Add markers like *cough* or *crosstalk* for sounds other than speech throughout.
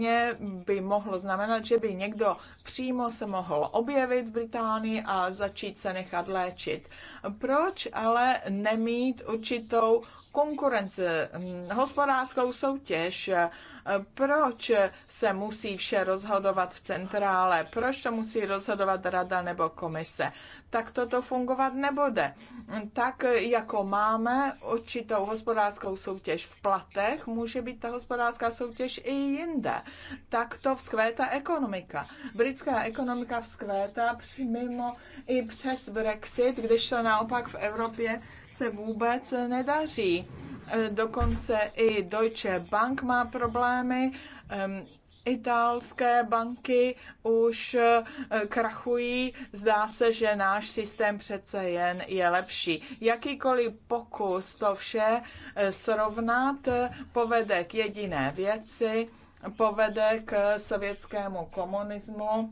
mě by mohlo znamenat, že by někdo přímo se mohl objevit v Británii a začít se nechat léčit. Proč ale nemít určitou konkurenci hm, hospodářskou soutěž? Proč se musí vše rozhodovat v centrále? Proč to musí rozhodovat rada nebo komise? tak toto fungovat nebude. Tak jako máme určitou hospodářskou soutěž v platech, může být ta hospodářská soutěž i jinde. Tak to vzkvétá ekonomika. Britská ekonomika vzkvétá mimo i přes Brexit, když to naopak v Evropě se vůbec nedaří. Dokonce i Deutsche Bank má problémy, Italské banky už eh, krachují, zdá se, že náš systém přece jen je lepší. Jakýkoliv pokus to vše eh, srovnat eh, povede k jediné věci, povede k sovětskému komunismu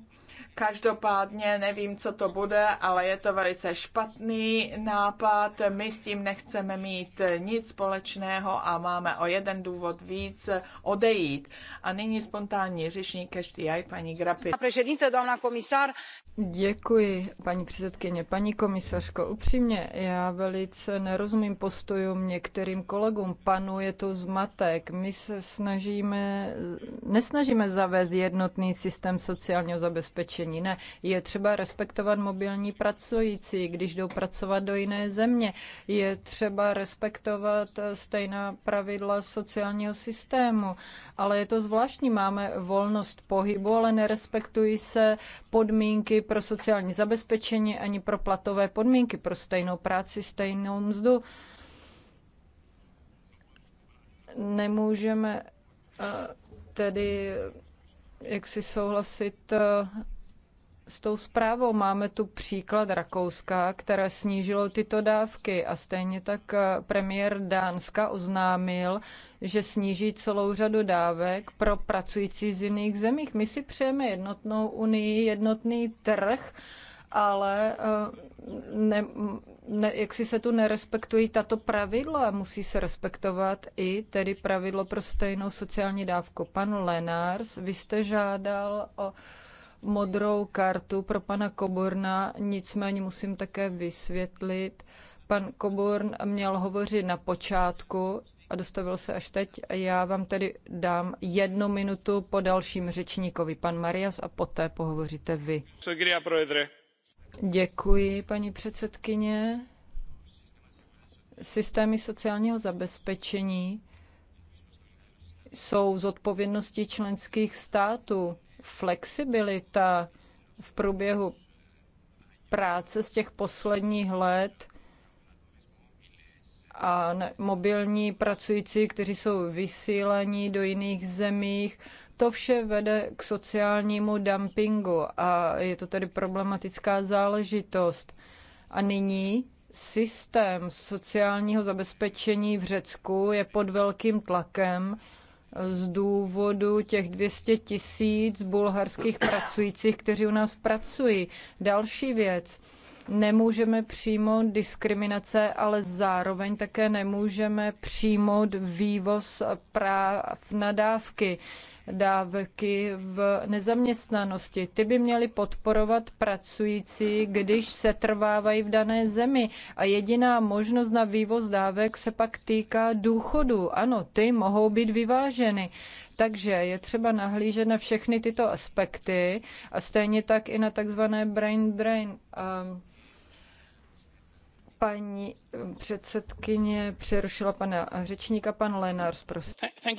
Každopádně nevím, co to bude, ale je to velice špatný nápad. My s tím nechceme mít nic společného a máme o jeden důvod víc odejít. A nyní spontánní řešník jaj, paní Grapi. Děkuji, paní předsedkyně. Paní komisařko, upřímně, já velice nerozumím postojům některým kolegům. je to zmatek. My se snažíme, nesnažíme zavést jednotný systém sociálního zabezpečení opatření. Ne, je třeba respektovat mobilní pracující, když jdou pracovat do jiné země. Je třeba respektovat stejná pravidla sociálního systému. Ale je to zvláštní, máme volnost pohybu, ale nerespektují se podmínky pro sociální zabezpečení ani pro platové podmínky pro stejnou práci, stejnou mzdu. Nemůžeme eh, tedy jak si souhlasit eh, s tou zprávou. Máme tu příklad Rakouska, které snížilo tyto dávky a stejně tak eh, premiér Dánska oznámil, že sníží celou řadu dávek pro pracující z jiných zemích. My si přejeme jednotnou unii, jednotný trh, ale eh, ne, ne, jak si se tu nerespektují tato pravidla, musí se respektovat i tedy pravidlo pro stejnou sociální dávku. Pan Lenars, vy jste žádal o modrou kartu pro pana Koborna, nicméně musím také vysvětlit. Pan Koborn měl hovořit na počátku a dostavil se až teď. Já vám tedy dám jednu minutu po dalším řečníkovi, pan Marias, a poté pohovoříte vy. Děkuji, paní předsedkyně. Systémy sociálního zabezpečení jsou z odpovědnosti členských států flexibilita v průběhu práce z těch posledních let a mobilní pracující, kteří jsou vysílení do jiných zemích, to vše vede k sociálnímu dumpingu a je to tedy problematická záležitost. A nyní systém sociálního zabezpečení v Řecku je pod velkým tlakem z důvodu těch 200 tisíc bulharských pracujících, kteří u nás pracují. Další věc nemůžeme přijmout diskriminace, ale zároveň také nemůžeme přijmout vývoz práv na dávky dávky v nezaměstnanosti. Ty by měly podporovat pracující, když se trvávají v dané zemi. A jediná možnost na vývoz dávek se pak týká důchodů. Ano, ty mohou být vyváženy. Takže je třeba nahlížet na všechny tyto aspekty a stejně tak i na takzvané brain drain. Um, Paní eh, předsedkyně přerušila pana řečníka, pan Lenars, prosím. Um,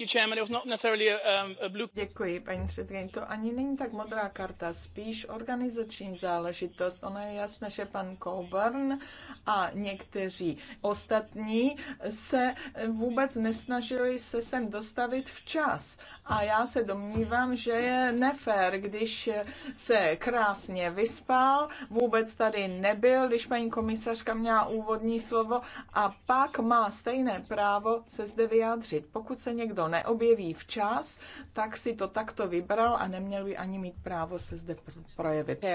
Děkuji, paní předsedkyně. To ani není tak modrá karta, spíš organizační záležitost. Ono je jasné, že pan Coburn a někteří ostatní se vůbec nesnažili se sem dostavit včas. A já se domnívám, že je nefér, když se krásně vyspal, vůbec tady nebyl, když paní komisařka měla úvodní slovo a pak má stejné právo se zde vyjádřit. Pokud se někdo neobjeví včas, tak si to takto vybral a neměl by ani mít právo se zde projevit.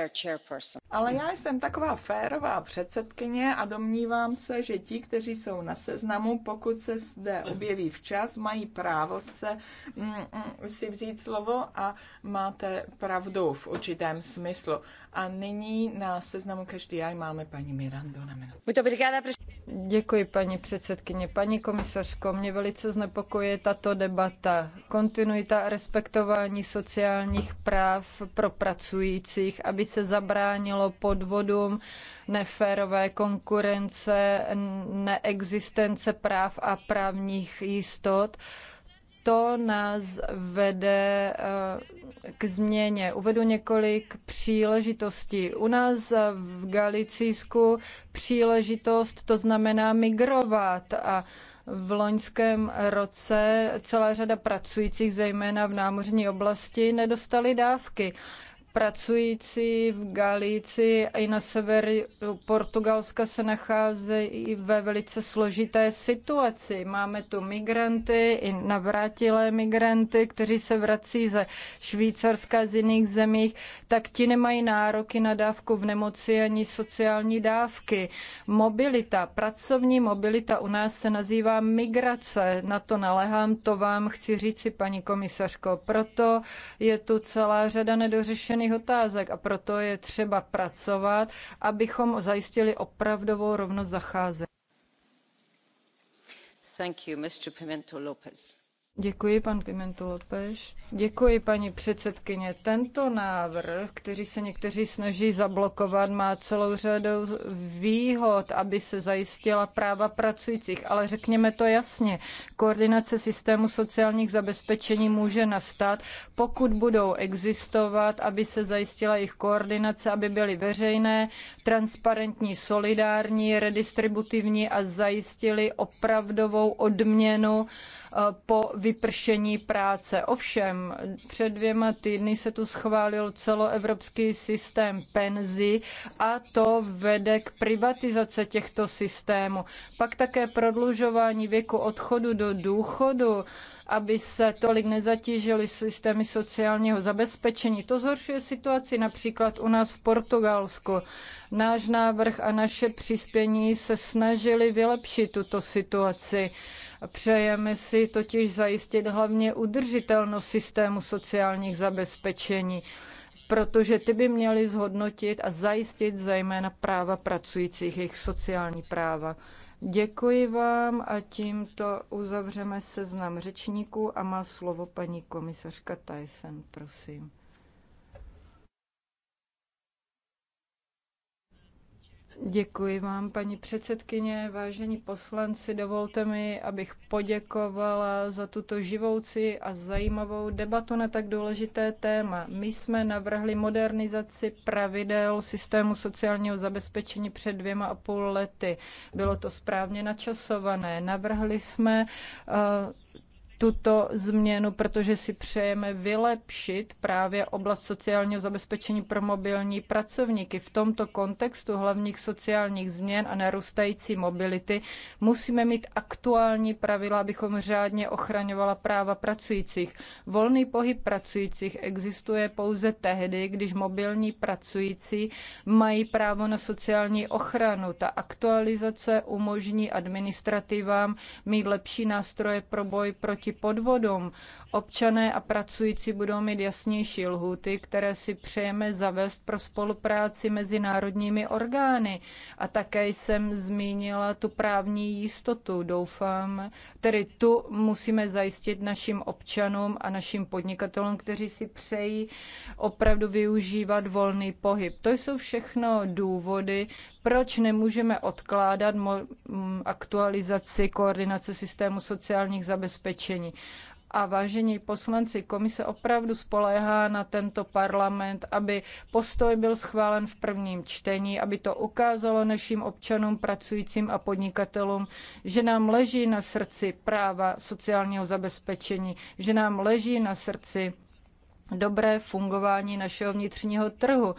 Ale já jsem taková férová předsedkyně a domnívám se, že ti, kteří jsou na seznamu, pokud se zde objeví včas, mají právo se mm, mm si vzít slovo a máte pravdu v určitém smyslu. A nyní na seznamu každý jaj máme paní Mirando na minutu. Děkuji, paní předsedkyně. Paní komisařko, mě velice znepokojuje tato debata. Kontinuita a respektování sociálních práv pro pracujících, aby se zabránilo podvodům, neférové konkurence, neexistence práv a právních jistot to nás vede eh, k změně. Uvedu několik příležitostí. U nás v Galicísku příležitost to znamená migrovat a v loňském roce celá řada pracujících, zejména v námořní oblasti, nedostali dávky pracující v Galicii a i na severu Portugalska se nacházejí ve velice složité situaci. Máme tu migranty, i navrátilé migranty, kteří se vrací ze Švýcarska, z jiných zemí, tak ti nemají nároky na dávku v nemoci ani sociální dávky. Mobilita, pracovní mobilita u nás se nazývá migrace. Na to nalehám, to vám chci říci, paní komisařko. Proto je tu celá řada nedořešených vážných otázek a proto je třeba pracovat, abychom zajistili opravdovou rovnost zacházení. Thank you, Mr. Pimento Lopez. Děkuji, pan Pimento Lopeš. Děkuji, paní předsedkyně. Tento návrh, který se někteří snaží zablokovat, má celou řadu výhod, aby se zajistila práva pracujících. Ale řekněme to jasně, koordinace systému sociálních zabezpečení může nastat, pokud budou existovat, aby se zajistila jejich koordinace, aby byly veřejné, transparentní, solidární, redistributivní a zajistili opravdovou odměnu po vypršení práce. Ovšem, před dvěma týdny se tu schválil celoevropský systém penzí a to vede k privatizaci těchto systémů. Pak také prodlužování věku odchodu do důchodu aby se tolik nezatížily systémy sociálního zabezpečení. To zhoršuje situaci například u nás v Portugalsku. Náš návrh a naše přispění se snažili vylepšit tuto situaci. Přejeme si totiž zajistit hlavně udržitelnost systému sociálních zabezpečení, protože ty by měly zhodnotit a zajistit zejména práva pracujících, jejich sociální práva. Děkuji vám a tímto uzavřeme seznam řečníků a má slovo paní komisařka Tyson, prosím. Děkuji vám, paní předsedkyně, vážení poslanci. Dovolte mi, abych poděkovala za tuto živoucí a zajímavou debatu na tak důležité téma. My jsme navrhli modernizaci pravidel systému sociálního zabezpečení před dvěma a půl lety. Bylo to správně načasované. Navrhli jsme eh, tuto změnu, protože si přejeme vylepšit právě oblast sociálního zabezpečení pro mobilní pracovníky. V tomto kontextu hlavních sociálních změn a narůstající mobility musíme mít aktuální pravidla, abychom řádně ochraňovala práva pracujících. Volný pohyb pracujících existuje pouze tehdy, když mobilní pracující mají právo na sociální ochranu. Ta aktualizace umožní administrativám mít lepší nástroje pro boj proti proti podvodům. Občané a pracující budou mít jasnější lhuty, které si přejeme zavést pro spolupráci mezi národními orgány. A také jsem zmínila tu právní jistotu, doufám, tedy tu musíme zajistit našim občanům a našim podnikatelům, kteří si přejí opravdu využívat volný pohyb. To jsou všechno důvody, proč nemůžeme odkládat aktualizaci koordinace systému sociálních zabezpečení a vážení poslanci, komise opravdu spoléhá na tento parlament, aby postoj byl schválen v prvním čtení, aby to ukázalo našim občanům, pracujícím a podnikatelům, že nám leží na srdci práva sociálního zabezpečení, že nám leží na srdci dobré fungování našeho vnitřního trhu.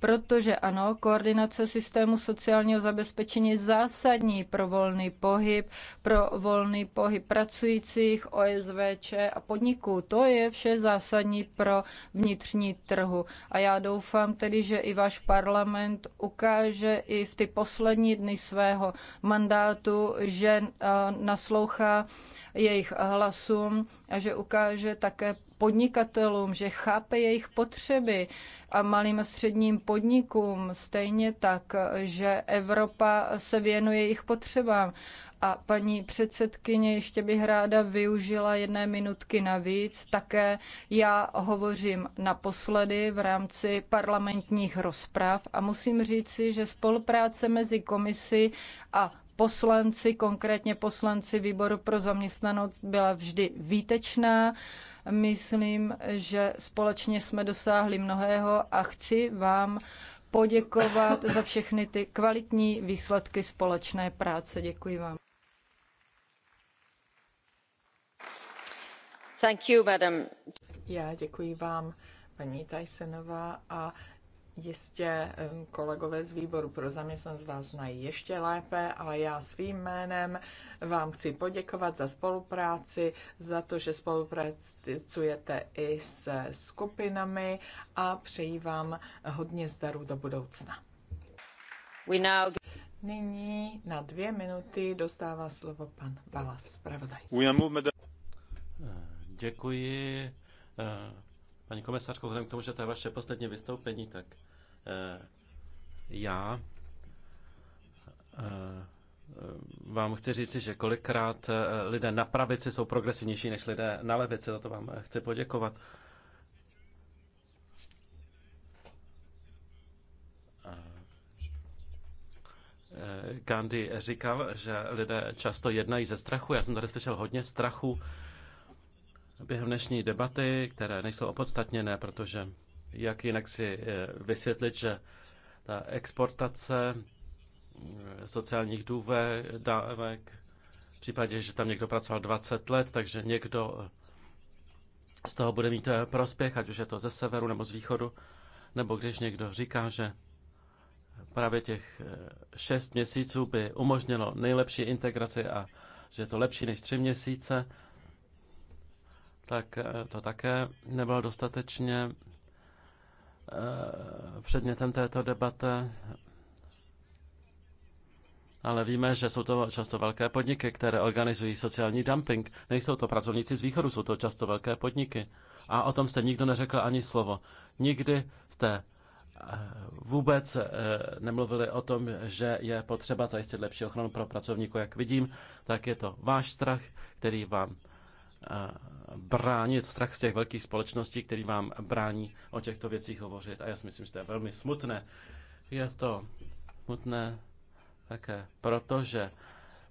Protože ano, koordinace systému sociálního zabezpečení je zásadní pro volný pohyb, pro volný pohyb pracujících, OSVČ a podniků. To je vše zásadní pro vnitřní trhu. A já doufám tedy, že i váš parlament ukáže i v ty poslední dny svého mandátu, že eh, naslouchá jejich hlasům a že ukáže také podnikatelům, že chápe jejich potřeby a malým a středním podnikům stejně tak, že Evropa se věnuje jejich potřebám. A paní předsedkyně, ještě bych ráda využila jedné minutky navíc. Také já hovořím naposledy v rámci parlamentních rozprav a musím říci, že spolupráce mezi komisí a poslanci, konkrétně poslanci výboru pro zaměstnanost, byla vždy výtečná. Myslím, že společně jsme dosáhli mnohého a chci vám poděkovat za všechny ty kvalitní výsledky společné práce. Děkuji vám. Thank you, madam. Já děkuji vám, paní Tysonová, a Jistě kolegové z výboru pro zaměstnanost vás znají ještě lépe, ale já svým jménem vám chci poděkovat za spolupráci, za to, že spolupracujete i s skupinami a přeji vám hodně zdaru do budoucna. We now... Nyní na dvě minuty dostává slovo pan Balas, pravda. Eh, děkuji. Eh, Paní komisařko, vzhledem k tomu, že to je vaše poslední vystoupení, tak eh, já eh, vám chci říci, že kolikrát eh, lidé na pravici jsou progresivnější než lidé na levici, za to vám chci poděkovat. Eh, Gandhi říkal, že lidé často jednají ze strachu. Já jsem tady slyšel hodně strachu během dnešní debaty, které nejsou opodstatněné, protože jak jinak si eh, vysvětlit, že ta exportace eh, sociálních důvek, dávek, v případě, že tam někdo pracoval 20 let, takže někdo eh, z toho bude mít prospěch, ať už je to ze severu nebo z východu, nebo když někdo říká, že právě těch šest měsíců by umožnilo nejlepší integraci a že je to lepší než tři měsíce, tak eh, to také nebylo dostatečně eh, předmětem této debate, Ale víme, že jsou to často velké podniky, které organizují sociální dumping. Nejsou to pracovníci z východu, jsou to často velké podniky. A o tom jste nikdo neřekl ani slovo. Nikdy jste eh, vůbec nemluvili o tom, že je potřeba zajistit lepší ochranu pro pracovníku. Jak vidím, tak je to váš strach, který vám bránit strach z těch velkých společností, který vám brání o těchto věcích hovořit. A já si myslím, že to je velmi smutné. Je to smutné také protože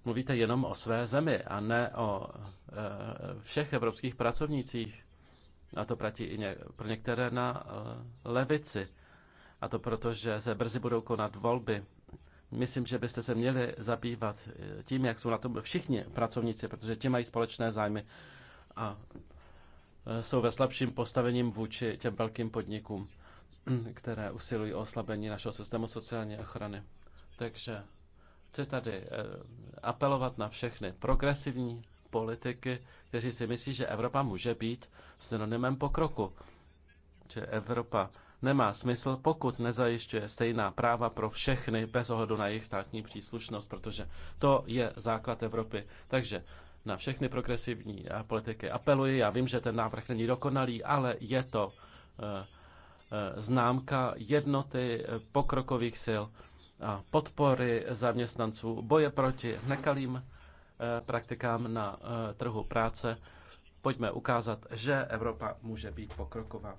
mluvíte jenom o své zemi a ne o eh, všech evropských pracovnících. A to platí i pro některé na eh, levici. A to proto, že se brzy budou konat volby. Myslím, že byste se měli zabývat eh, tím, jak jsou na tom všichni pracovníci, protože ti mají společné zájmy a e, jsou ve slabším postavením vůči těm velkým podnikům, *clears throat* které usilují o oslabení našeho systému sociální ochrany. Takže chci tady e, apelovat na všechny progresivní politiky, kteří si myslí, že Evropa může být synonymem pokroku. Že Evropa nemá smysl, pokud nezajišťuje stejná práva pro všechny bez ohledu na jejich státní příslušnost, protože to je základ Evropy. Takže na všechny progresivní politiky apeluji. Já vím, že ten návrh není dokonalý, ale je to eh, eh, známka jednoty eh, pokrokových sil a podpory zaměstnanců, boje proti nekalým praktikám na trhu práce. Pojďme ukázat, že Evropa může být pokroková.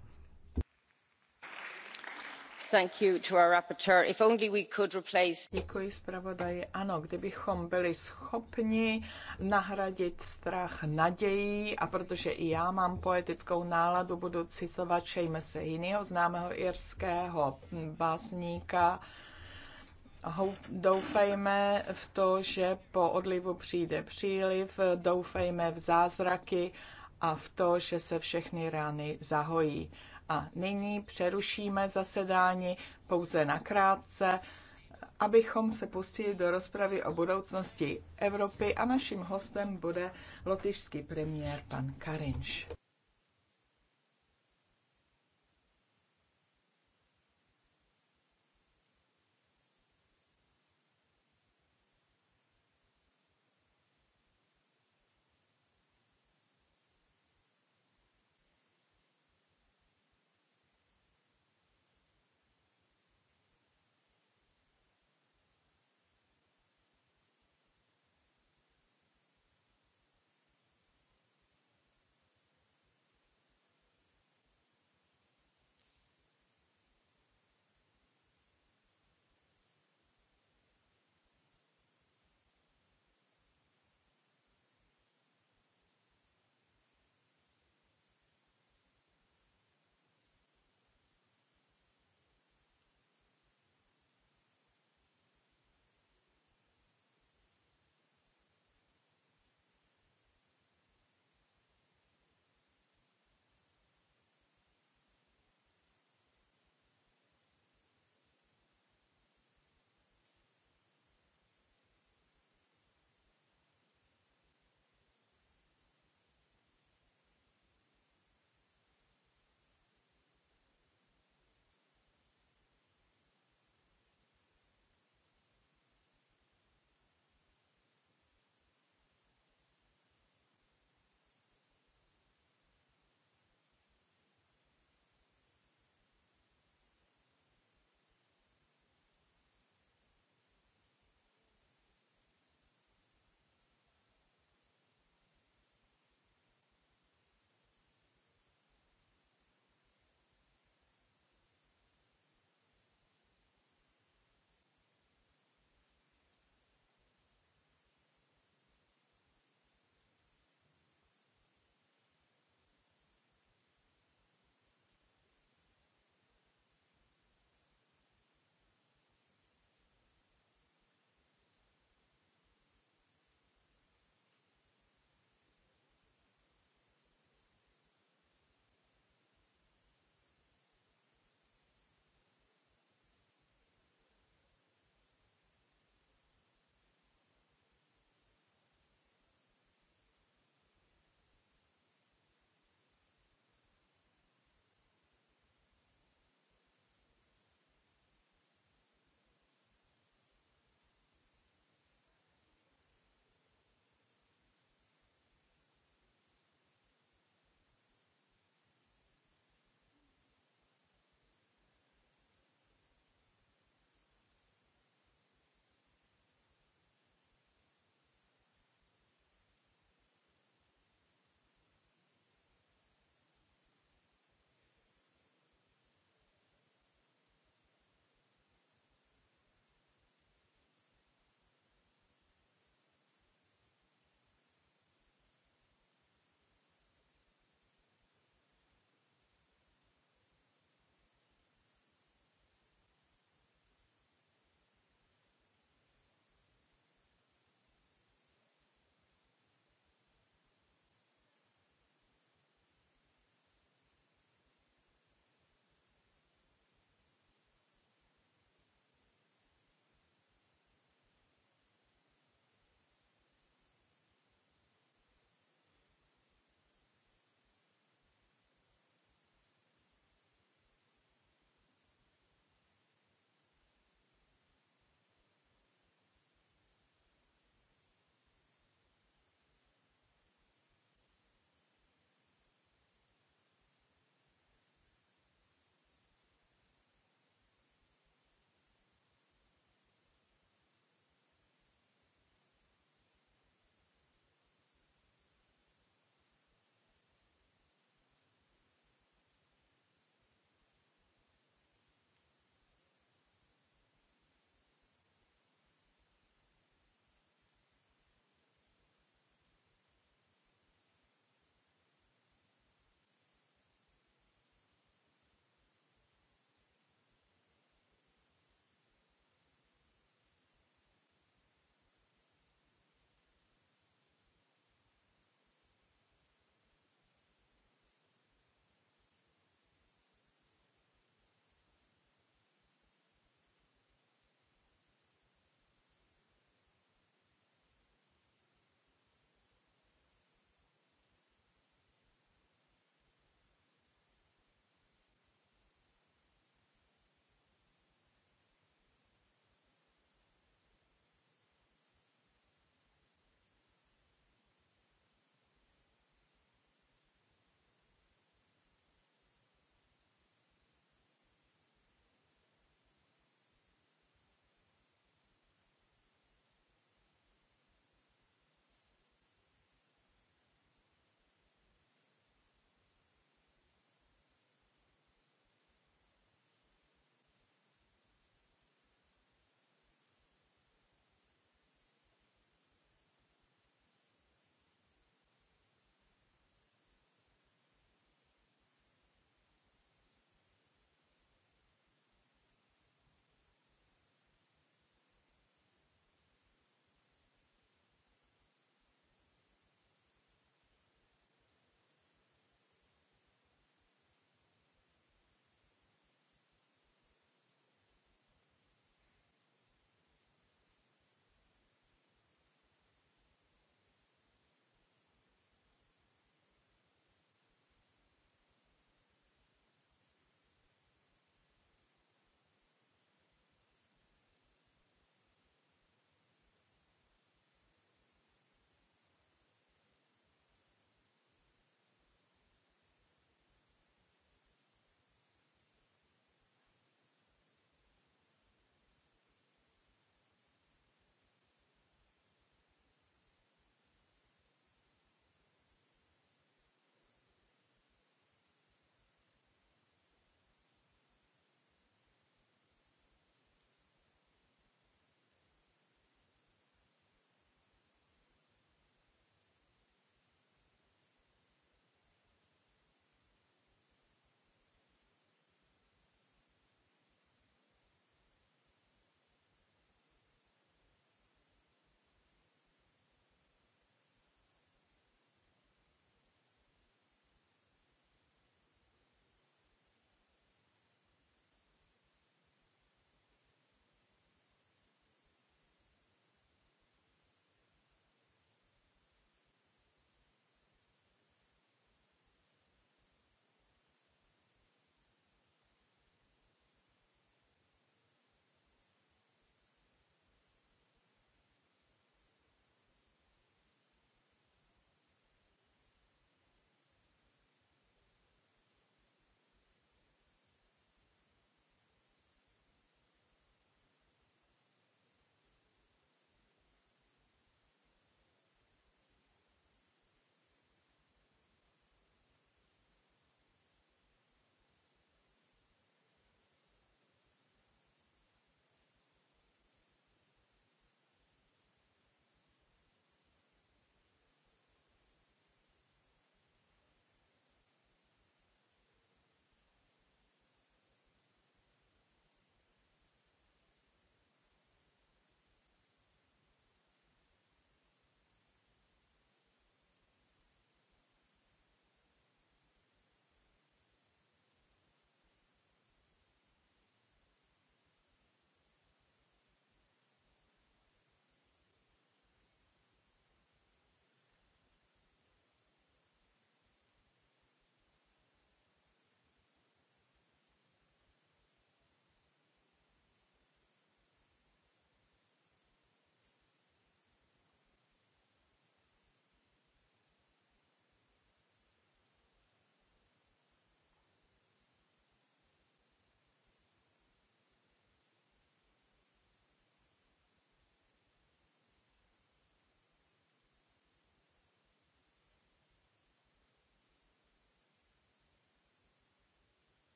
Děkuji zpravodaji. Ano, kdybychom byli schopni nahradit strach nadějí, a protože i já mám poetickou náladu, budu citovat Seamusa jiného známého irského básníka, Doufejme v to, že po odlivu přijde příliv, doufejme v zázraky a v to, že se všechny rány zahojí. A nyní přerušíme zasedání pouze na krátce, abychom se pustili do rozpravy o budoucnosti Evropy a naším hostem bude lotyšský premiér pan Karinš.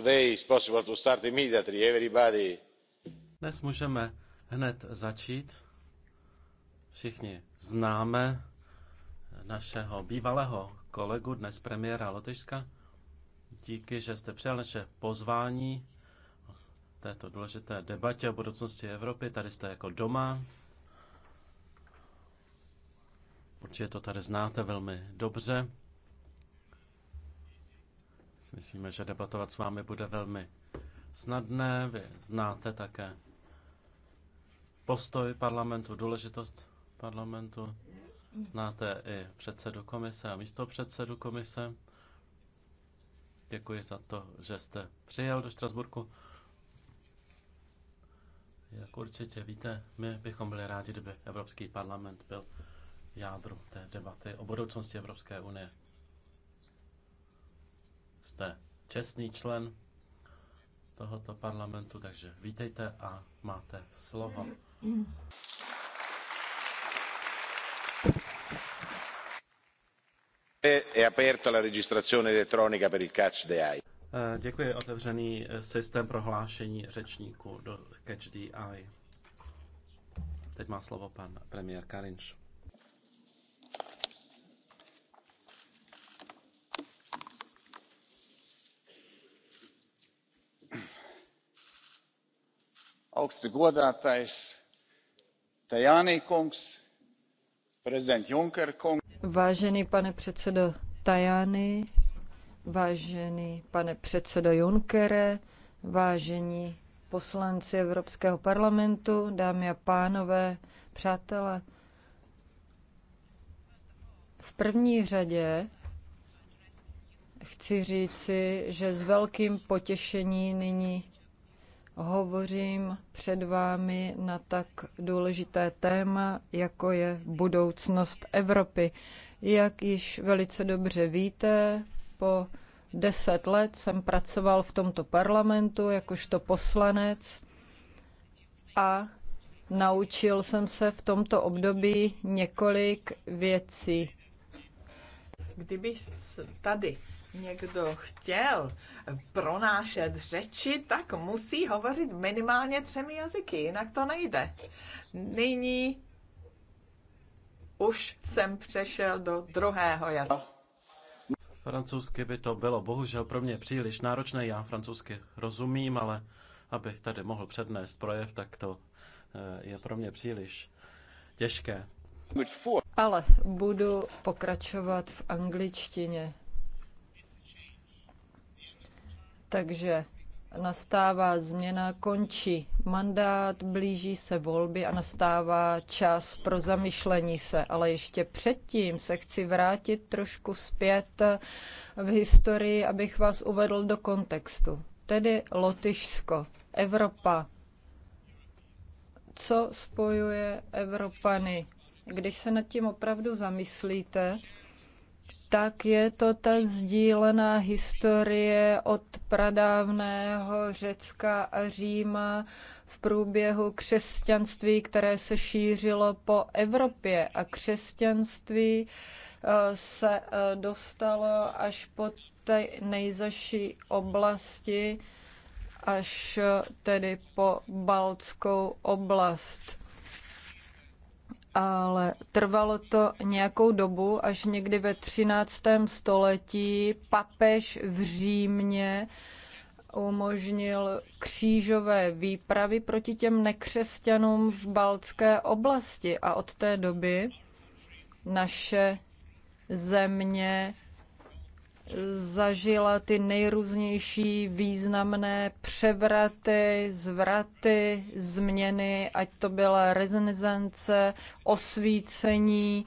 Dnes můžeme hned začít. Všichni známe našeho bývalého kolegu, dnes premiéra Lotyšska. Díky, že jste přijal naše pozvání této důležité debatě o budoucnosti Evropy. Tady jste jako doma. Určitě to tady znáte velmi dobře. Myslíme, že debatovat s vámi bude velmi snadné. Vy znáte také postoj parlamentu, důležitost parlamentu. Znáte i předsedu komise a místo předsedu komise. Děkuji za to, že jste přijel do Štrasburku. Jak určitě víte, my bychom byli rádi, kdyby Evropský parlament byl jádru té debaty o budoucnosti Evropské unie. Jste čestný člen tohoto parlamentu, takže vítejte a máte slovo. È aperta la registrazione elettronica per il catch the eye. Eh, děkuji, otevřený eh, systém prohlášení řečníků do Catch the Eye. Teď má slovo pan premiér Karinš. augsti godātais tajani kungs prezident juncker kungs vážený pane předsedo tajani vážený pane předsedo junckere vážení poslanci evropského parlamentu dámy a pánové přátelé v první řadě chci říci že s velkým potěšením nyní hovořím před vámi na tak důležité téma, jako je budoucnost Evropy. Jak již velice dobře víte, po deset let jsem pracoval v tomto parlamentu jakožto poslanec a naučil jsem se v tomto období několik věcí. Kdyby tady někdo chtěl pronášet řeči, tak musí hovořit minimálně třemi jazyky, jinak to nejde. Nyní už jsem přešel do druhého jazyka. Francouzsky by to bylo bohužel pro mě příliš náročné. Já francouzsky rozumím, ale abych tady mohl přednést projev, tak to eh, je pro mě příliš těžké. Ale budu pokračovat v angličtině. Takže nastává změna, končí mandát, blíží se volby a nastává čas pro zamyšlení se. Ale ještě předtím se chci vrátit trošku zpět v historii, abych vás uvedl do kontextu. Tedy Lotyšsko, Evropa. Co spojuje Evropany? Když se nad tím opravdu zamyslíte, tak je to ta sdílená historie od pradávného Řecka a Říma v průběhu křesťanství, které se šířilo po Evropě. A křesťanství eh, se eh, dostalo až po té nejzaší oblasti, až eh, tedy po Baltskou oblast ale trvalo to nějakou dobu, až někdy ve 13. století papež v Římě umožnil křížové výpravy proti těm nekřesťanům v Baltské oblasti a od té doby naše země zažila ty nejrůznější významné převraty, zvraty, změny, ať to byla renesance, osvícení.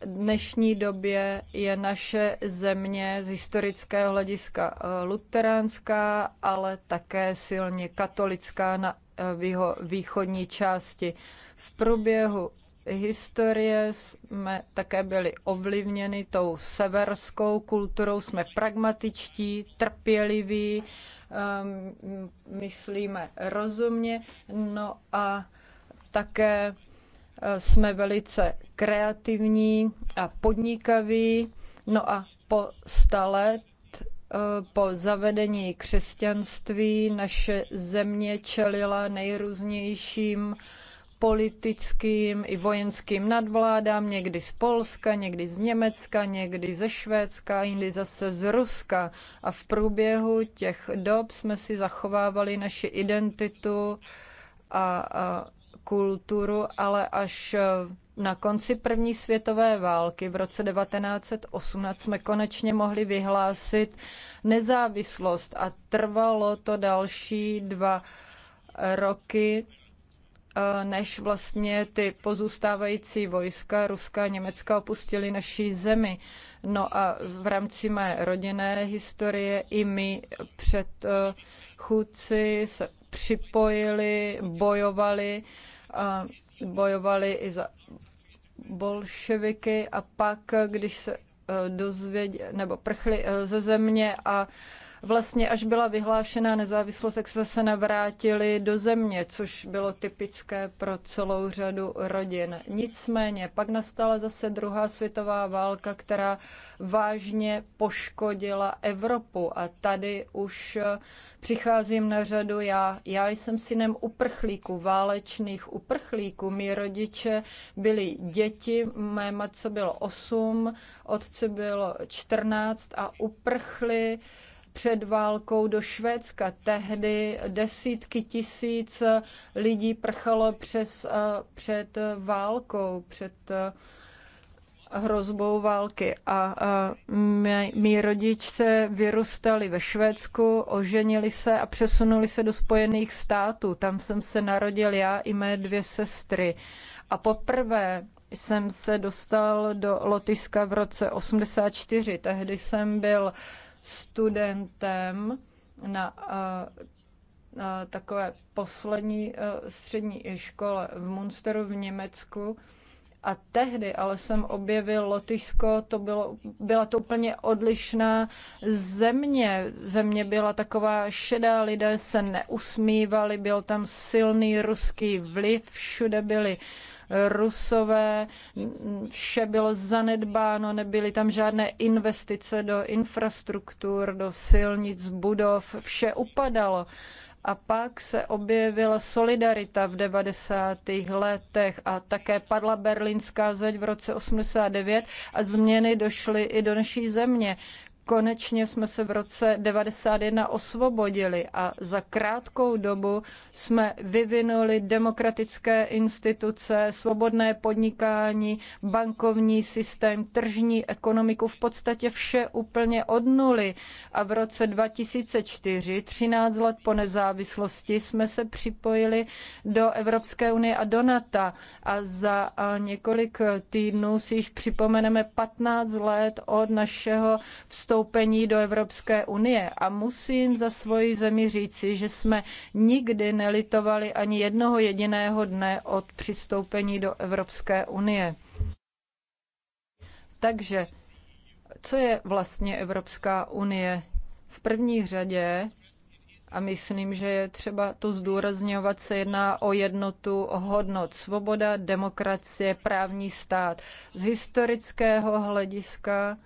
V dnešní době je naše země z historického hlediska eh, luteránská, ale také silně katolická na eh, v jeho východní části. V průběhu historie jsme také byli ovlivněni tou severskou kulturou, jsme pragmatičtí, trpěliví, ehm, myslíme rozumně, no a také eh, jsme velice kreativní a podnikaví. No a po stalet eh, po zavedení křesťanství naše země čelila nejrůznějším politickým i vojenským nadvládám, někdy z Polska, někdy z Německa, někdy ze Švédska, jindy zase z Ruska. A v průběhu těch dob jsme si zachovávali naši identitu a, a kulturu, ale až eh, na konci první světové války v roce 1918 jsme konečně mohli vyhlásit nezávislost a trvalo to další dva roky Eh, než vlastně ty pozůstávající vojska ruská a Německa opustili naší zemi. No a v rámci mé rodinné historie i my před chůdci se připojili, bojovali, eh, bojovali i za bolševiky a pak, když se eh, dozvěděli, nebo prchli ze země a vlastně až byla vyhlášena nezávislost, tak se se navrátili do země, což bylo typické pro celou řadu rodin. Nicméně pak nastala zase druhá světová válka, která vážně poškodila Evropu a tady už eh, přicházím na řadu já. Já jsem synem uprchlíků, válečných uprchlíků. Mí rodiče byli děti, mé matce bylo 8, otce bylo 14 a uprchli před válkou do Švédska. Tehdy desítky tisíc lidí prchalo přes, eh, před válkou, před eh, hrozbou války. A, a mý, mý rodiče vyrůstali ve Švédsku, oženili se a přesunuli se do Spojených států. Tam jsem se narodil já i mé dvě sestry. A poprvé jsem se dostal do Lotyšska v roce 84. Tehdy jsem byl studentem eh, na takové poslední eh, střední škole v Munsteru v Německu. A tehdy ale jsem objevil Lotyšsko, to bylo, byla to úplně odlišná země. Země byla taková šedá, lidé se neusmívali, byl tam silný ruský vliv, všude byly Rusové, vše bylo zanedbáno, nebyly tam žádné investice do infrastruktur, do silnic, budov, vše upadalo. A pak se objevila solidarita v 90. letech a také padla berlínská zeď v roce 89 a změny došly i do naší země konečně jsme se v roce 91 osvobodili a za krátkou dobu jsme vyvinuli demokratické instituce, svobodné podnikání, bankovní systém, tržní ekonomiku, v podstatě vše úplně od nuly. A v roce 2004, 13 let po nezávislosti, jsme se připojili do Evropské unie a do NATO a za několik týdnů si již připomeneme 15 let od našeho vstoupení přistoupení do Evropské unie a musím za svoji zemi říci, že jsme nikdy nelitovali ani jednoho jediného dne od přistoupení do Evropské unie. Takže, co je vlastně Evropská unie? V první řadě a myslím, že je třeba to zdůrazňovat, se jedná o jednotu hodnot, svoboda, demokracie, právní stát. Z historického hlediska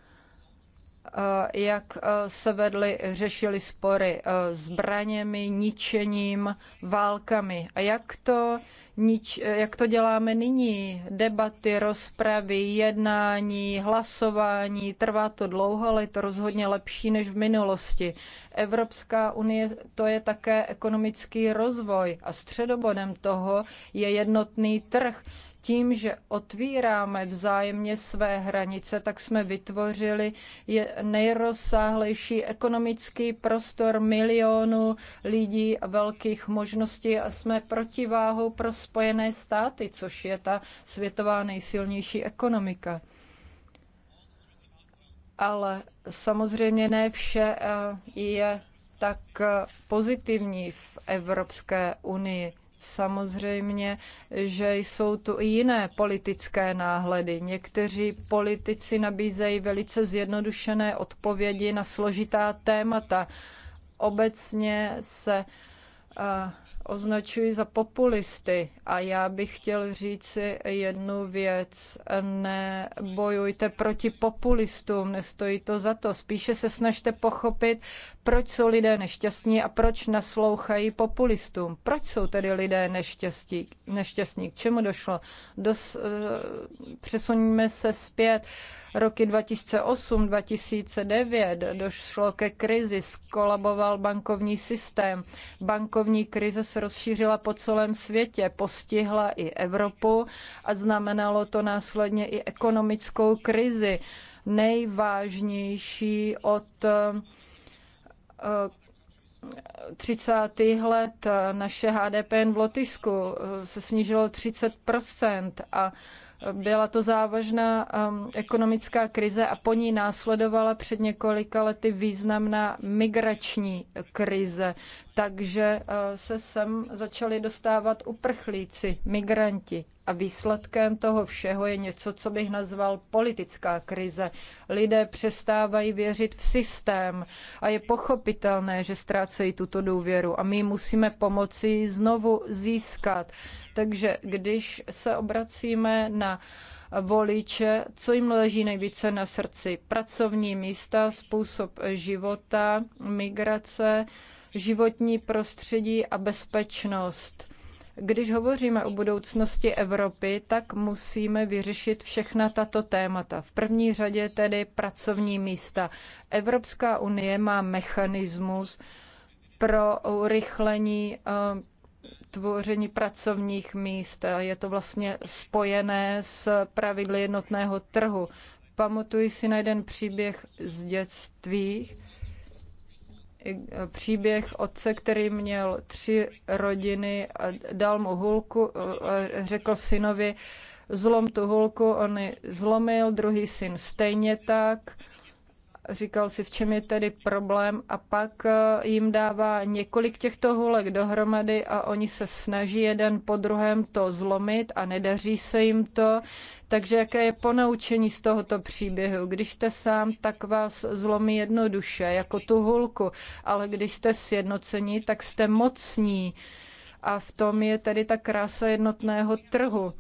Eh, jak eh, se vedly, řešily spory eh, zbraněmi, ničením, válkami. A jak to, nič, jak to děláme nyní? Debaty, rozpravy, jednání, hlasování, trvá to dlouho, ale je to rozhodně lepší než v minulosti. Evropská unie to je také ekonomický rozvoj a středobodem toho je jednotný trh tím, že otvíráme vzájemně své hranice, tak jsme vytvořili nejrozsáhlejší ekonomický prostor milionů lidí a velkých možností a jsme protiváhou pro Spojené státy, což je ta světová nejsilnější ekonomika. Ale samozřejmě ne vše eh, je tak eh, pozitivní v Evropské unii Samozřejmě, že jsou tu i jiné politické náhledy. Někteří politici nabízejí velice zjednodušené odpovědi na složitá témata. Obecně se označují za populisty a já bych chtěl říci jednu věc. Nebojujte proti populistům, nestojí to za to. Spíše se snažte pochopit, proč jsou lidé nešťastní a proč naslouchají populistům. Proč jsou tedy lidé neštěstí, nešťastní, k čemu došlo. Dos, eh, přesuníme se zpět. Roky 2008-2009 došlo ke krizi, skolaboval bankovní systém. Bankovní krize se rozšířila po celém světě, postihla i Evropu a znamenalo to následně i ekonomickou krizi nejvážnější od eh, 30. let naše HDP v Lotyšsku eh, se snížilo 30 a byla to závažná ehm, ekonomická krize a po ní následovala před několika lety významná migrační krize. Takže eh, se sem začali dostávat uprchlíci, migranti. A výsledkem toho všeho je něco, co bych nazval politická krize. Lidé přestávají věřit v systém a je pochopitelné, že ztrácejí tuto důvěru a my musíme pomoci znovu získat. Takže když se obracíme na voliče, co jim leží nejvíce na srdci? Pracovní místa, způsob života, migrace, životní prostředí a bezpečnost. Když hovoříme o budoucnosti Evropy, tak musíme vyřešit všechna tato témata. V první řadě tedy pracovní místa. Evropská unie má mechanismus pro urychlení eh, tvoření pracovních míst. Je to vlastně spojené s pravidly jednotného trhu. Pamatuji si na jeden příběh z dětství, příběh otce, který měl tři rodiny a dal mu hulku, eh, řekl synovi, zlom tu hulku, on ji zlomil, druhý syn stejně tak říkal si, v čem je tedy problém a pak eh, jim dává několik těchto hulek dohromady a oni se snaží jeden po druhém to zlomit a nedaří se jim to. Takže jaké je ponaučení z tohoto příběhu? Když jste sám, tak vás zlomí jednoduše, jako tu hulku, ale když jste sjednocení, tak jste mocní. A v tom je tedy ta krása jednotného trhu.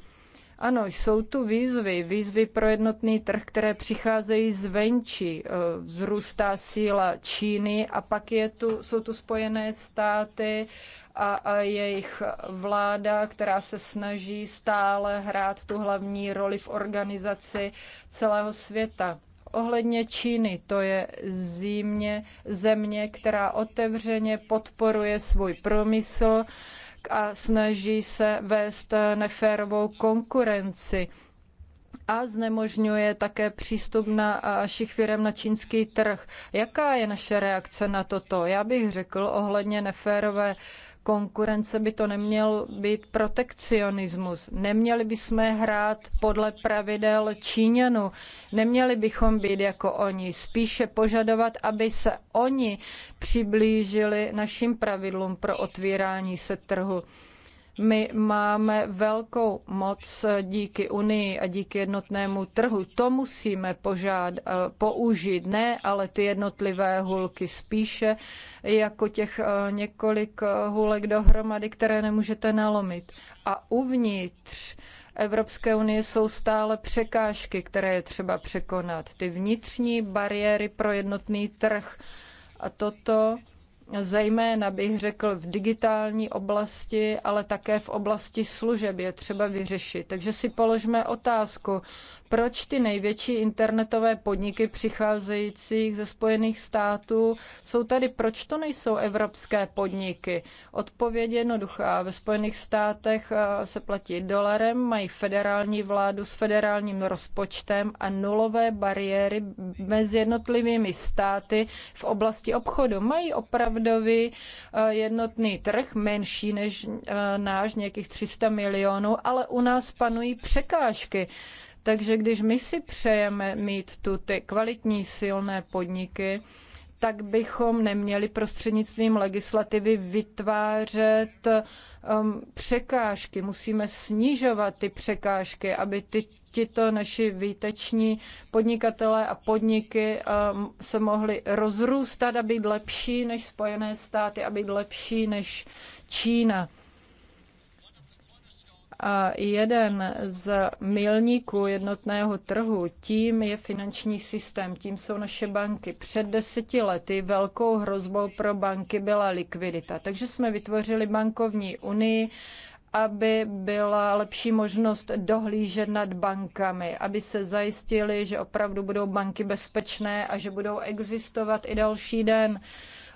Ano, jsou tu výzvy, výzvy pro jednotný trh, které přicházejí zvenčí. Eh, vzrůstá síla Číny a pak je tu, jsou tu spojené státy a, a jejich vláda, která se snaží stále hrát tu hlavní roli v organizaci celého světa ohledně Číny. To je zimně, země, která otevřeně podporuje svůj promysl, a snaží se vést neférovou konkurenci a znemožňuje také přístup našich firm na čínský trh. Jaká je naše reakce na toto? Já bych řekl ohledně neférové konkurence by to neměl být protekcionismus. Neměli bychom hrát podle pravidel Číňanů. Neměli bychom být jako oni. Spíše požadovat, aby se oni přiblížili našim pravidlům pro otvírání se trhu. My máme velkou moc díky Unii a díky jednotnému trhu. To musíme požád, eh, použít, ne ale ty jednotlivé hulky spíše jako těch eh, několik eh, hulek dohromady, které nemůžete nalomit. A uvnitř Evropské unie jsou stále překážky, které je třeba překonat. Ty vnitřní bariéry pro jednotný trh. A toto Zejména bych řekl v digitální oblasti, ale také v oblasti služeb je třeba vyřešit. Takže si položme otázku, proč ty největší internetové podniky přicházejících ze Spojených států jsou tady, proč to nejsou evropské podniky. Odpověď je jednoduchá. Ve Spojených státech eh, se platí dolarem, mají federální vládu s federálním rozpočtem a nulové bariéry mezi jednotlivými státy v oblasti obchodu. Mají opravdový eh, jednotný trh, menší než eh, náš, nějakých 300 milionů, ale u nás panují překážky. Takže když my si přejeme mít tu ty kvalitní silné podniky, tak bychom neměli prostřednictvím legislativy vytvářet um, překážky. Musíme snižovat ty překážky, aby ty tito naši výteční podnikatelé a podniky um, se mohli rozrůstat a být lepší než Spojené státy a být lepší než Čína. A jeden z milníků jednotného trhu, tím je finanční systém, tím jsou naše banky. Před deseti lety velkou hrozbou pro banky byla likvidita. Takže jsme vytvořili bankovní unii, aby byla lepší možnost dohlížet nad bankami, aby se zajistili, že opravdu budou banky bezpečné a že budou existovat i další den.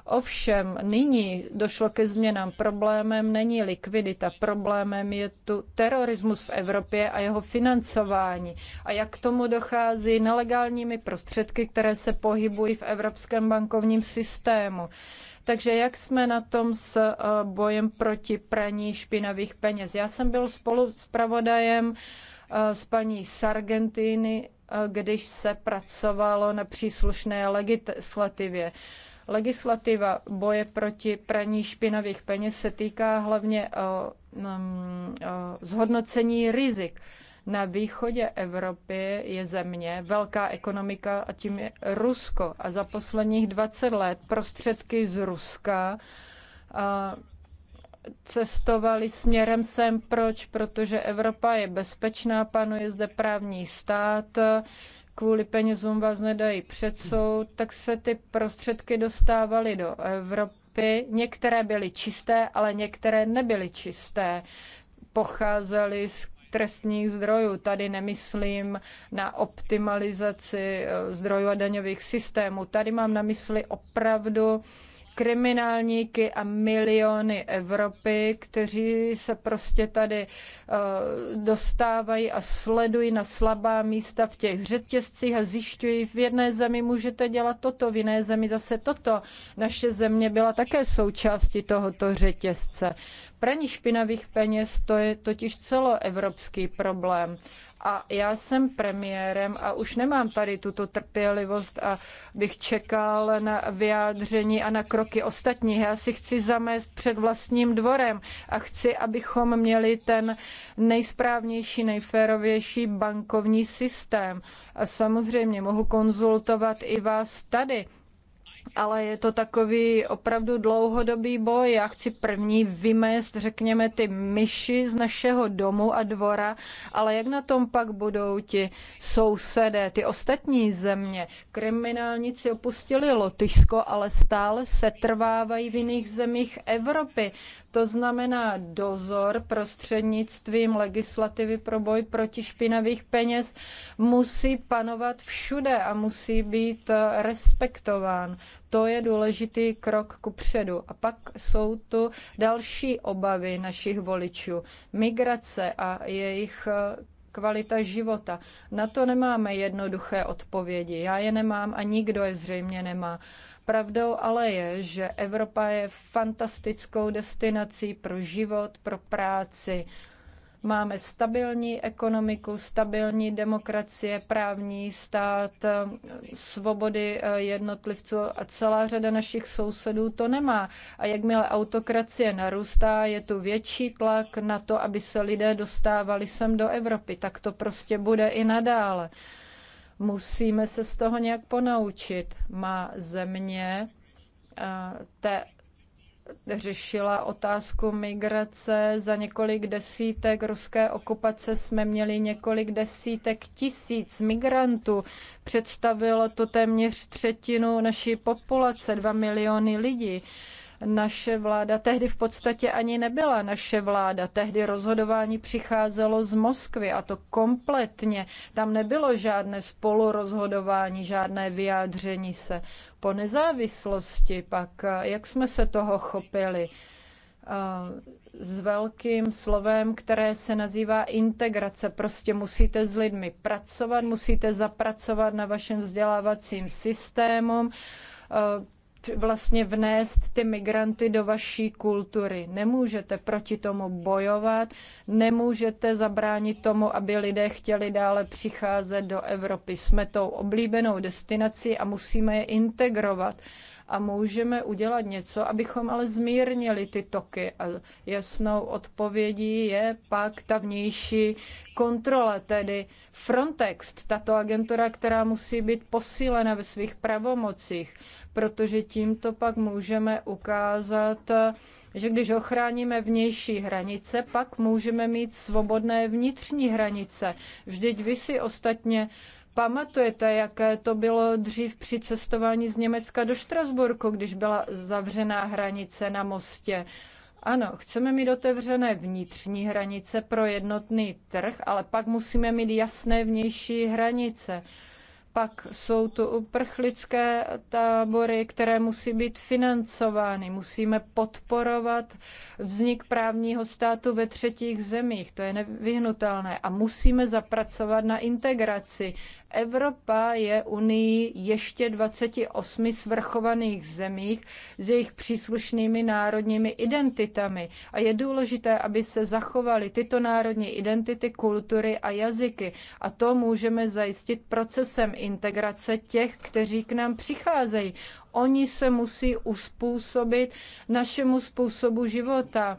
Ovšem nyní došlo ke změnám. Problémem není likvidita, problémem je tu terorismus v Evropě a jeho financování. A jak k tomu dochází nelegálními prostředky, které se pohybují v evropském bankovním systému. Takže jak jsme na tom s eh, bojem proti praní špinavých peněz? Já jsem byl spolu s pravodajem eh, s paní Sargentini, eh, když se pracovalo na příslušné legislativě. Legislativa boje proti praní špinavých peněz se týká hlavně eh, mm, eh, zhodnocení rizik. Na východě Evropy je země, velká ekonomika a tím je Rusko. A za posledních 20 let prostředky z Ruska eh, cestovali směrem sem. Proč? Protože Evropa je bezpečná, panuje zde právní stát, kvůli penězům vás nedají před soud, tak se ty prostředky dostávaly do Evropy. Některé byly čisté, ale některé nebyly čisté. Pocházely z trestních zdrojů. Tady nemyslím na optimalizaci eh, zdrojů a daňových systémů. Tady mám na mysli opravdu kriminálníky a miliony Evropy, kteří se prostě tady eh, dostávají a sledují na slabá místa v těch řetězcích a zjišťují, v jedné zemi můžete dělat toto, v jiné zemi zase toto. Naše země byla také součástí tohoto řetězce. Praní špinavých peněz to je totiž celoevropský problém a já jsem premiérem a už nemám tady tuto trpělivost a bych čekal na vyjádření a na kroky ostatních. Já si chci zamést před vlastním dvorem a chci, abychom měli ten nejsprávnější, nejférovější bankovní systém. A samozřejmě mohu konzultovat i vás tady ale je to takový opravdu dlouhodobý boj. Já chci první vymést, řekněme, ty myši z našeho domu a dvora, ale jak na tom pak budou ti sousedé, ty ostatní země? Kriminálníci opustili Lotyšsko, ale stále se trvávají v jiných zemích Evropy. To znamená dozor prostřednictvím legislativy pro boj proti špinavých peněz musí panovat všude a musí být eh, respektován. To je důležitý krok ku předu. A pak jsou tu další obavy našich voličů. Migrace a jejich eh, kvalita života. Na to nemáme jednoduché odpovědi. Já je nemám a nikdo je zřejmě nemá. Pravdou ale je, že Evropa je fantastickou destinací pro život, pro práci. Máme stabilní ekonomiku, stabilní demokracie, právní stát, svobody eh, jednotlivců a celá řada našich sousedů to nemá. A jakmile autokracie narůstá, je tu větší tlak na to, aby se lidé dostávali sem do Evropy. Tak to prostě bude i nadále. Musíme se z toho nějak ponaučit. Má země eh, te, řešila otázku migrace. Za několik desítek ruské okupace jsme měli několik desítek tisíc migrantů. Představilo to téměř třetinu naší populace, dva miliony lidí naše vláda tehdy v podstatě ani nebyla naše vláda. Tehdy rozhodování přicházelo z Moskvy a to kompletně. Tam nebylo žádné spolurozhodování, žádné vyjádření se. Po nezávislosti pak, jak jsme se toho chopili? s velkým slovem, které se nazývá integrace. Prostě musíte s lidmi pracovat, musíte zapracovat na vašem vzdělávacím systému, vlastně vnést ty migranty do vaší kultury. Nemůžete proti tomu bojovat, nemůžete zabránit tomu, aby lidé chtěli dále přicházet do Evropy. Jsme tou oblíbenou destinací a musíme je integrovat a můžeme udělat něco, abychom ale zmírnili ty toky. A jasnou odpovědí je pak ta vnější kontrola, tedy Frontex, tato agentura, která musí být posílena ve svých pravomocích protože tímto pak můžeme ukázat, že když ochráníme vnější hranice, pak můžeme mít svobodné vnitřní hranice. Vždyť vy si ostatně pamatujete, jaké to bylo dřív při cestování z Německa do Štrasburku, když byla zavřená hranice na mostě. Ano, chceme mít otevřené vnitřní hranice pro jednotný trh, ale pak musíme mít jasné vnější hranice. Pak jsou tu uprchlické tábory, které musí být financovány. Musíme podporovat vznik právního státu ve třetích zemích. To je nevyhnutelné. A musíme zapracovat na integraci Evropa je unii ještě 28 svrchovaných zemích s jejich příslušnými národními identitami a je důležité, aby se zachovaly tyto národní identity, kultury a jazyky a to můžeme zajistit procesem integrace těch, kteří k nám přicházejí. Oni se musí uspůsobit našemu způsobu života,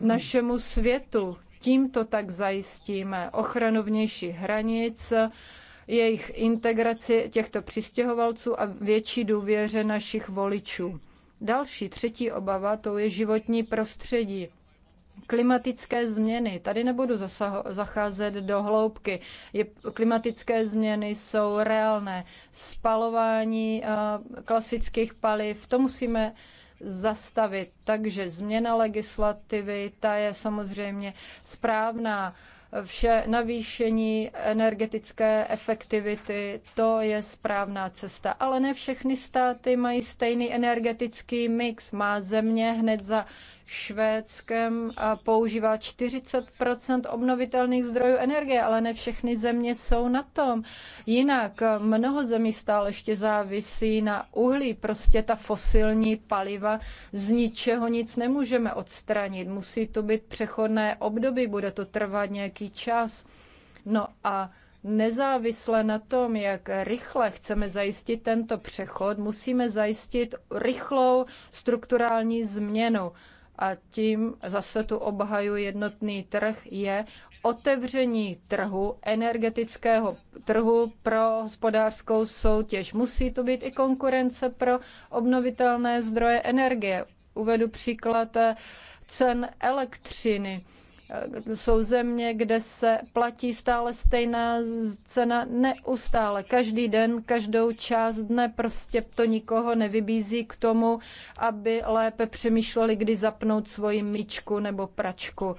našemu světu. Tímto tak zajistíme ochranu vnějších hranic, jejich integraci těchto přistěhovalců a větší důvěře našich voličů. Další, třetí obava, to je životní prostředí. Klimatické změny. Tady nebudu zasaho- zacházet do hloubky. Je, klimatické změny jsou reálné. Spalování klasických paliv, to musíme zastavit. Takže změna legislativy, ta je samozřejmě správná vše navýšení energetické efektivity, to je správná cesta. Ale ne všechny státy mají stejný energetický mix. Má země hned za Švédskem používá 40 obnovitelných zdrojů energie, ale ne všechny země jsou na tom. Jinak mnoho zemí stále ještě závisí na uhlí. Prostě ta fosilní paliva z ničeho nic nemůžeme odstranit. Musí to být přechodné období, bude to trvat nějaký čas. No a nezávisle na tom, jak rychle chceme zajistit tento přechod, musíme zajistit rychlou strukturální změnu a tím zase tu obhaju jednotný trh, je otevření trhu, energetického trhu pro hospodářskou soutěž. Musí to být i konkurence pro obnovitelné zdroje energie. Uvedu příklad eh, cen elektřiny jsou země, kde se platí stále stejná cena neustále. Každý den, každou část dne prostě to nikoho nevybízí k tomu, aby lépe přemýšleli, kdy zapnout svoji myčku nebo pračku.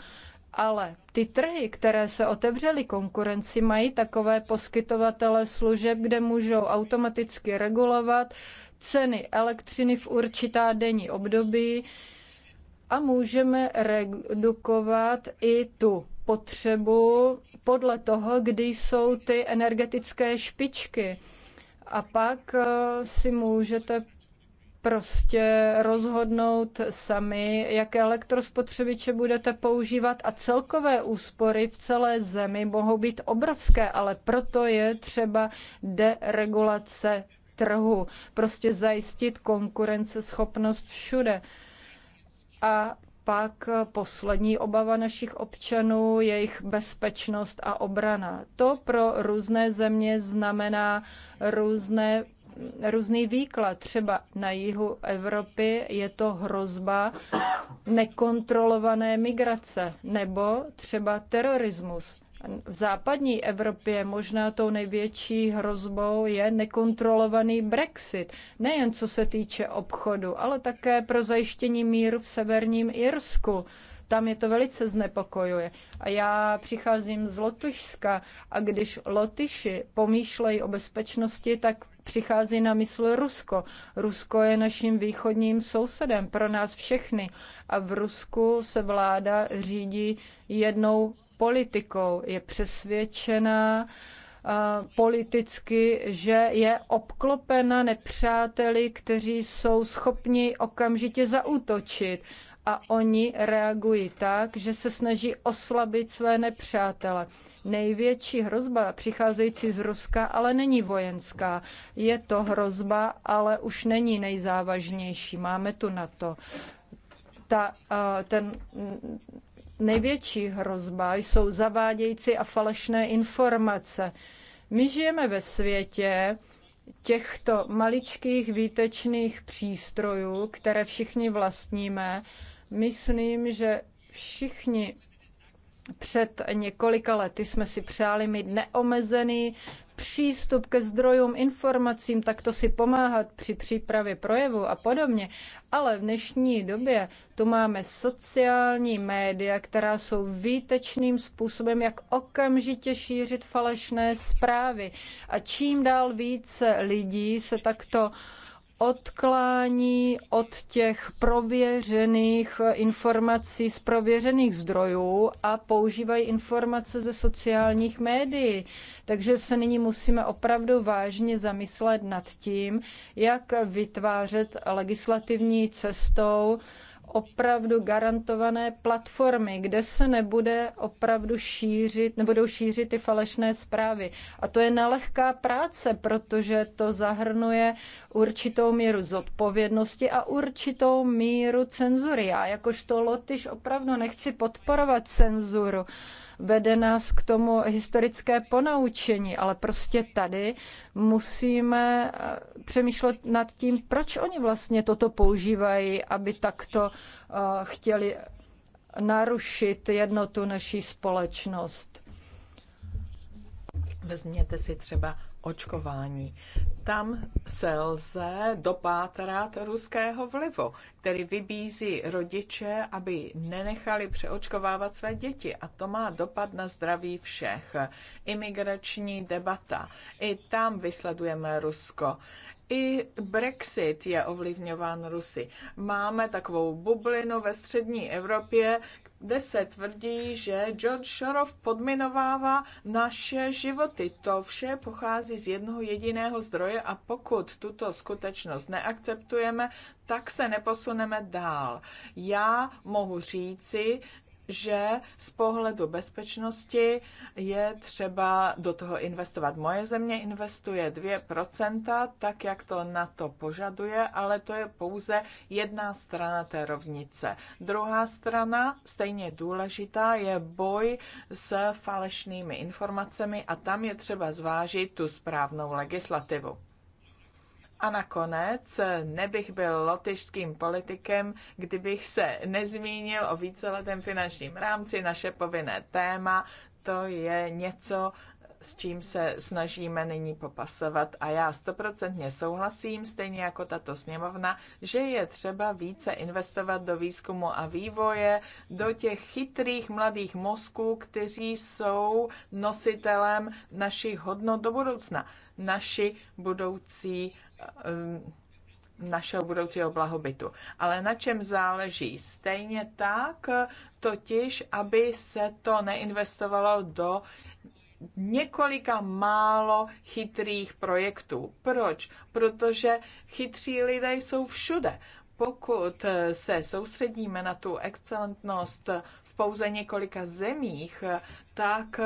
Ale ty trhy, které se otevřely konkurenci, mají takové poskytovatele služeb, kde můžou automaticky regulovat ceny elektřiny v určitá denní období, a můžeme redukovat i tu potřebu podle toho, kdy jsou ty energetické špičky. A pak eh, si můžete prostě rozhodnout sami, jaké elektrospotřebiče budete používat a celkové úspory v celé zemi mohou být obrovské, ale proto je třeba deregulace trhu, prostě zajistit konkurenceschopnost všude. A pak poslední obava našich občanů, jejich bezpečnost a obrana. To pro různé země znamená různé různý výklad. Třeba na jihu Evropy je to hrozba nekontrolované migrace nebo třeba terorismus. V západní Evropě možná tou největší hrozbou je nekontrolovaný Brexit, nejen co se týče obchodu, ale také pro zajištění míru v severním Irsku tam je to velice znepokojuje. A já přicházím z Lotyšska a když Lotyši pomýšlejí o bezpečnosti, tak přichází na mysl Rusko. Rusko je naším východním sousedem pro nás všechny a v Rusku se vláda řídí jednou politikou. Je přesvědčená eh, politicky, že je obklopena nepřáteli, kteří jsou schopni okamžitě zaútočit a oni reagují tak, že se snaží oslabit své nepřátele. Největší hrozba přicházející z Ruska ale není vojenská. Je to hrozba, ale už není nejzávažnější. Máme tu na to. Ta, eh, ten, největší hrozba jsou zavádějící a falešné informace. My žijeme ve světě těchto maličkých výtečných přístrojů, které všichni vlastníme. Myslím, že všichni před několika lety jsme si přáli mít neomezený přístup ke zdrojům, informacím, tak to si pomáhat při přípravě projevu a podobně. Ale v dnešní době tu máme sociální média, která jsou výtečným způsobem, jak okamžitě šířit falešné zprávy. A čím dál více lidí se takto uh, odklání od těch prověřených informací z prověřených zdrojů a používají informace ze sociálních médií. Takže se nyní musíme opravdu vážně zamyslet nad tím, jak vytvářet legislativní cestou opravdu garantované platformy, kde se nebude opravdu šířit, nebudou šířit ty falešné zprávy. A to je nelehká práce, protože to zahrnuje určitou míru zodpovědnosti a určitou míru cenzury. Já jakožto lotyš opravdu nechci podporovat cenzuru vede nás k tomu historické ponaučení, ale prostě tady musíme eh, přemýšlet nad tím, proč oni vlastně toto používají, aby takto eh, chtěli narušit jednotu naší společnost. Vezměte si třeba očkování. Tam se lze dopátrat ruského vlivu, který vybízí rodiče, aby nenechali přeočkovávat své děti. A to má dopad na zdraví všech. Imigrační debata. I tam vysledujeme Rusko. I Brexit je ovlivňován Rusy. Máme takovou bublinu ve střední Evropě, kde se tvrdí, že George Soros podminovává naše životy. To vše pochází z jednoho jediného zdroje a pokud tuto skutečnost neakceptujeme, tak se neposuneme dál. Já mohu říci, že z pohledu bezpečnosti je třeba do toho investovat. Moje země investuje 2%, tak jak to na to požaduje, ale to je pouze jedna strana té rovnice. Druhá strana, stejně důležitá, je boj s falešnými informacemi a tam je třeba zvážit tu správnou legislativu. A nakonec eh, nebych byl lotyšským politikem, kdybych se nezmínil o víceletém finančním rámci. Naše povinné téma, to je něco, s čím se snažíme nyní popasovat a já stoprocentně souhlasím, stejně jako tato sněmovna, že je třeba více investovat do výzkumu a vývoje, do těch chytrých mladých mozků, kteří jsou nositelem našich hodnot do budoucna. Naši budoucí Eh, našeho budoucího blahobytu. Ale na čem záleží? Stejně tak, totiž, aby se to neinvestovalo do několika málo chytrých projektů. Proč? Protože chytří lidé jsou všude. Pokud se soustředíme na tu excelentnost v pouze několika zemích, tak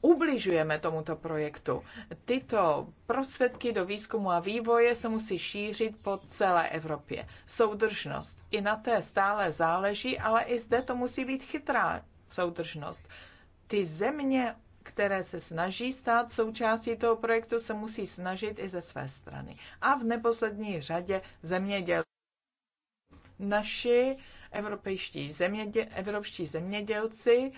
ubližujeme tomuto projektu. Tyto prostředky do výzkumu a vývoje se musí šířit po celé Evropě. Soudržnost. I na té stále záleží, ale i zde to musí být chytrá soudržnost. Ty země, které se snaží stát součástí toho projektu, se musí snažit i ze své strany. A v neposlední řadě zemědělci. Naši evropští zemědělci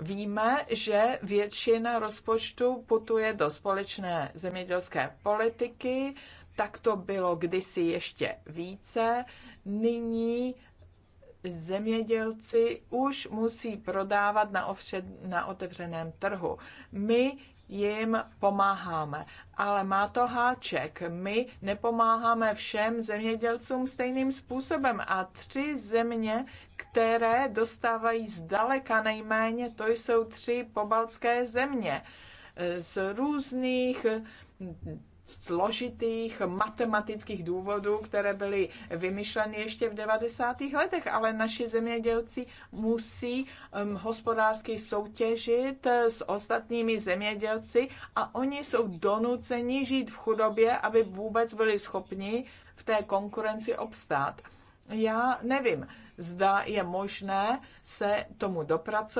Víme, že většina rozpočtu putuje do společné zemědělské politiky, tak to bylo kdysi ještě více. Nyní zemědělci už musí prodávat na, ovšed, na otevřeném trhu. My jim pomáháme. Ale má to háček. My nepomáháme všem zemědělcům stejným způsobem. A tři země, které dostávají zdaleka nejméně, to jsou tři pobaltské země. Z různých složitých matematických důvodů, které byly vymyšleny ještě v 90. letech, ale naši zemědělci musí um, hospodářsky soutěžit eh, s ostatními zemědělci a oni jsou donuceni žít v chudobě, aby vůbec byli schopni v té konkurenci obstát. Já nevím, zda je možné se tomu dopracovat